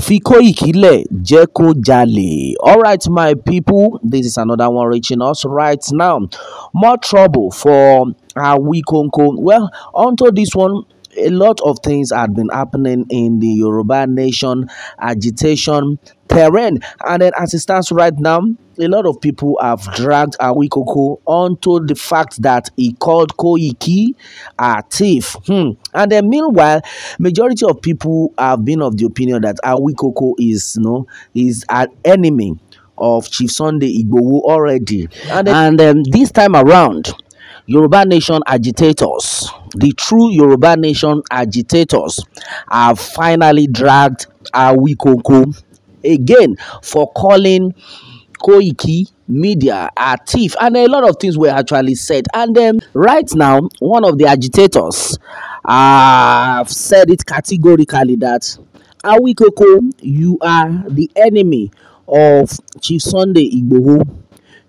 Fikoyikile Jeko Jali. All right, my people, this is another one reaching us right now. More trouble for Awikonko. Well, onto this one, a lot of things had been happening in the Yoruba nation agitation terrain. And then as it stands right now, a lot of people have dragged Awikoko onto the fact that he called Koiki a thief. Hmm. And then meanwhile, majority of people have been of the opinion that Awikoko is, you know, is an enemy of Chief Sunday Igbo already. And, then, and um, this time around, Yoruba Nation agitators, the true Yoruba Nation agitators, have finally dragged Koko again for calling Koiki media a thief and a lot of things were actually said and then right now one of the agitators have uh, said it categorically that Koko, you are the enemy of Chief Sunday Igboho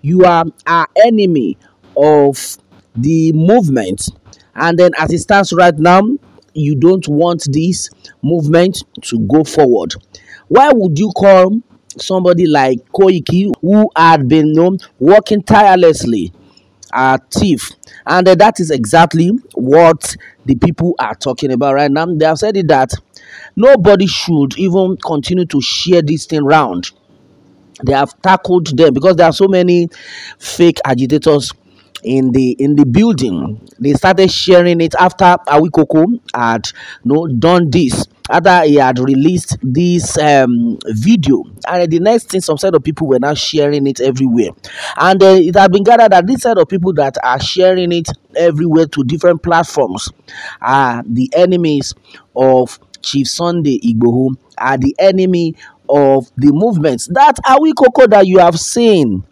you are our enemy of the movement. And then, as it stands right now, you don't want this movement to go forward. Why would you call somebody like Koiki, who had been known working tirelessly, a thief? And uh, that is exactly what the people are talking about right now. They have said it that nobody should even continue to share this thing round. They have tackled them because there are so many fake agitators in the in the building they started sharing it after awikoko had you know, done this after he had released this um, video and the next thing some set of people were now sharing it everywhere and uh, it had been gathered that this set of people that are sharing it everywhere to different platforms are the enemies of chief sunday igboho are the enemy of the movements that awikoko that you have seen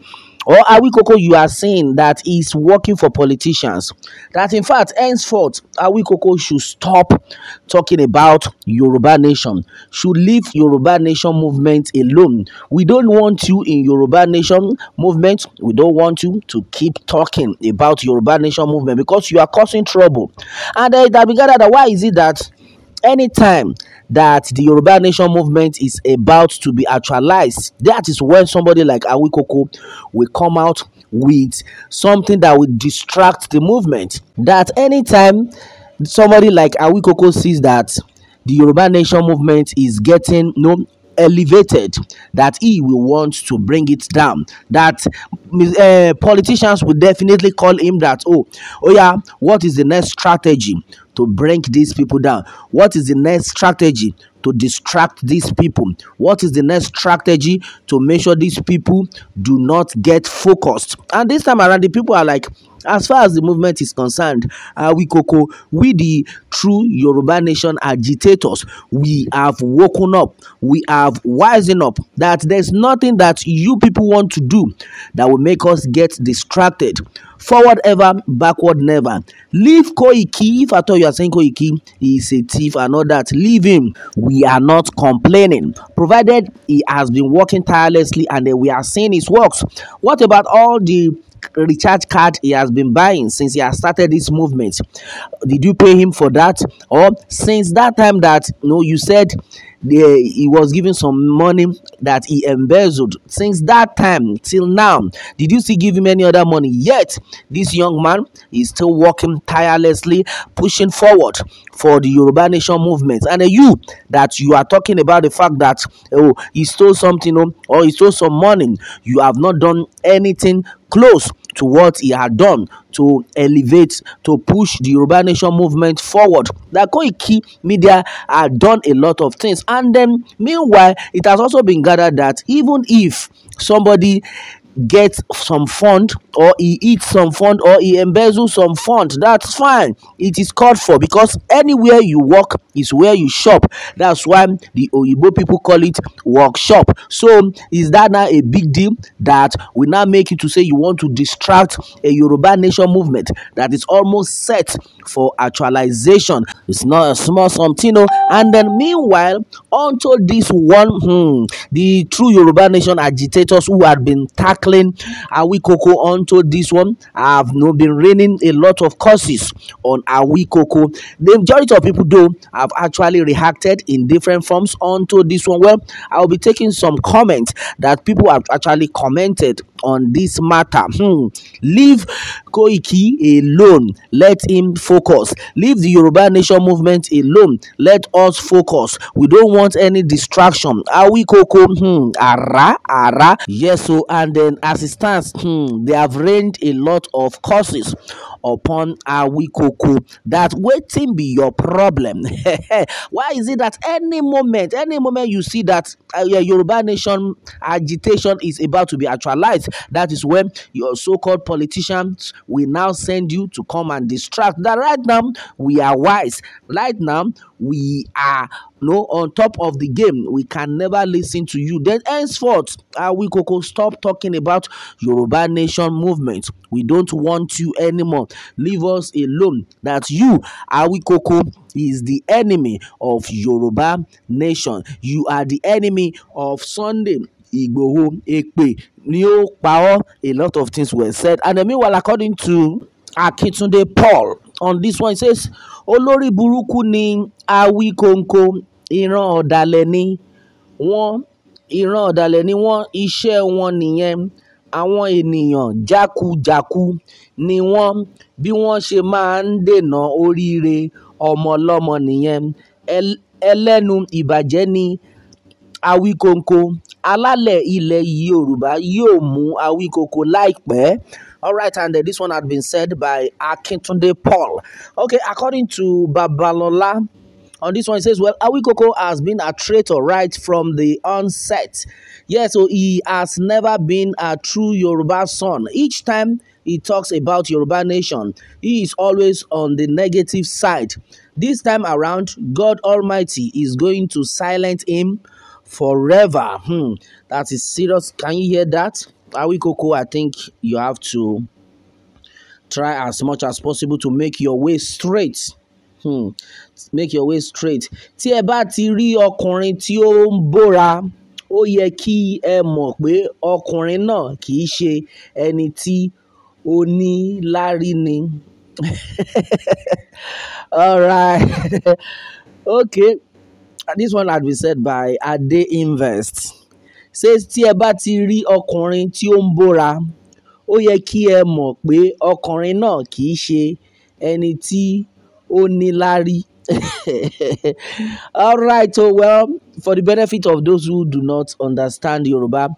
or coco you are saying that he's working for politicians. That in fact, henceforth, Awikoko should stop talking about Yoruba Nation, should leave Yoruba Nation movement alone. We don't want you in Yoruba Nation movement. We don't want you to keep talking about Yoruba Nation movement because you are causing trouble. And uh, eh, it began that why is it that anytime that the Yoruba Nation movement is about to be actualized. That is when somebody like Awikoko will come out with something that will distract the movement. That anytime somebody like Awikoko sees that the Yoruba Nation movement is getting no elevated that he will want to bring it down that uh, politicians will definitely call him that oh oh yeah what is the next strategy to bring these people down? What is the next strategy to distract these people? What is the next strategy to make sure these people do not get focused? And this time around, the people are like, as far as the movement is concerned, uh, we Coco, we the true Yoruba nation agitators, we have woken up, we have wising up that there's nothing that you people want to do that will make us get distracted. Forward ever, backward never. Leave Koiki if at all you Yasenko oh, Iki is a thief and all that, leave him. We are not complaining, provided he has been working tirelessly and we are seeing his works. What about all the recharge card he has been buying since he has started this movement did you pay him for that or since that time that you no know, you said he was given some money that he embezzled since that time till now did you see give him any other money yet this young man is still working tirelessly pushing forward for the yoruba nation movement and uh, you that you are talking about the fact that oh he stole something oh, or he stole some money you have not done anything close to what he had done to elevate, to push the Yoruba Nation movement forward. The Koiki media had done a lot of things. And then, meanwhile, it has also been gathered that even if somebody Get some fund or he eats some fund or he embezzles some fund that's fine it is called for because anywhere you work is where you shop that's why the oyibo people call it workshop so is that now a big deal that we now make you to say you want to distract a yoruba nation movement that is almost set for actualization it's not a small something no. Oh. and then meanwhile until this one hmm, the true yoruba nation agitators who had been tackled tackling Awikoko onto this one. I've you know, been raining a lot of curses on Awikoko. The majority of people, though, have actually reacted in different forms onto this one. Well, I'll be taking some comments that people have actually commented on this matter. Hmm. Leave Koiki alone. Let him focus. Leave the Yoruba Nation movement alone. Let us focus. We don't want any distraction. Awikoko, hmm, ara, ara. Yes, so, and uh, and as it stands, hmm, they have rained a lot of curses upon Awikoko that waiting be your problem. Why is it that any moment, any moment you see that uh, your Yoruba nation agitation is about to be actualized, that is when your so-called politicians will now send you to come and distract. That right now we are wise. Right now we are no on top of the game. We can never listen to you. Then henceforth, Awikoko, stop talking about Yoruba nation movement. We don't want you anymore. Leave us alone. That you, Awikoko, is the enemy of Yoruba nation. You are the enemy of Sunday. Igboho, Ekpe, New Power, a lot of things were said. And then, meanwhile, according to Akitunde Paul, on this one, he says, Olórí burúkú ni Awíkóńkó, ìran ọ̀dàlẹ̀ ni wọ́n, ìran ọ̀dàlẹ̀ ni wọ́n, iṣẹ́ wọn nìyẹn àwọn ènìyàn jákujàku ni wọ́n bí wọ́n ṣe máa ń dènà oríire ọmọọlọ́mọ nìyẹn ẹlẹ́nu ìbàjẹ́ ní àwíkọ́nkọ́ alálẹ̀ ilẹ̀ yorùbá yóò mú àwíkọ́nkọ́ láìpẹ́. All and uh, this one had been said by Akintunde Paul. Okay, according to Babalola. on this one, he says, Well, Awikoko has been a traitor right from the onset. Yes, so he has never been a true Yoruba son. Each time he talks about Yoruba nation, he is always on the negative side. This time around, God Almighty is going to silence him forever. Hmm, that is serious. Can you hear that? Awikoko, I think you have to try as much as possible to make your way straight hmm, make your way straight tí ẹ bá ti rí ọkùnrin tí ó ń bóra ó yẹ kí ẹ mọ̀ pé ọkùnrin náà kì í ṣe ẹni tí ó ní láárí ni alright okay this one had been said by Ade Invest ṣé tí ẹ bá ti rí ọkùnrin tí ó ń bóra ó yẹ kí ẹ mọ̀ pé ọkùnrin náà kì í ṣe ẹni tí Onilari. All right, so well, for the benefit of those who do not understand Yoruba,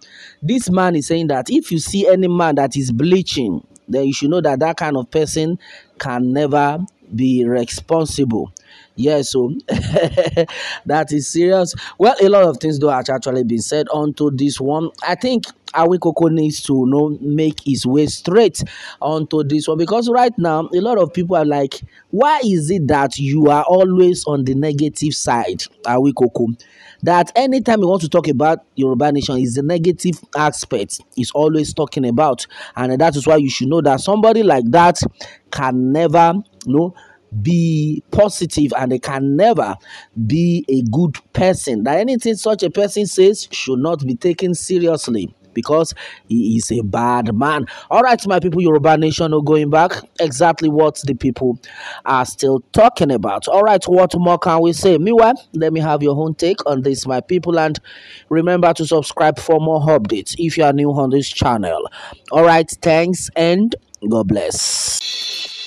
this man is saying that if you see any man that is bleaching, then you should know that that kind of person can never be responsible. Yes, yeah, so that is serious. Well, a lot of things though have actually been said onto this one. I think Awikoko needs to you know make his way straight onto this one because right now a lot of people are like, why is it that you are always on the negative side, Awikoko? That anytime you want to talk about Yoruba Nation is the negative aspect is always talking about, and that is why you should know that somebody like that can never you know be positive and they can never be a good person. That anything such a person says should not be taken seriously because he is a bad man. All right, my people, Yoruba Nation, going back. Exactly what the people are still talking about. All right, what more can we say? Meanwhile, let me have your own take on this, my people, and remember to subscribe for more updates if you are new on this channel. All right, thanks and God bless.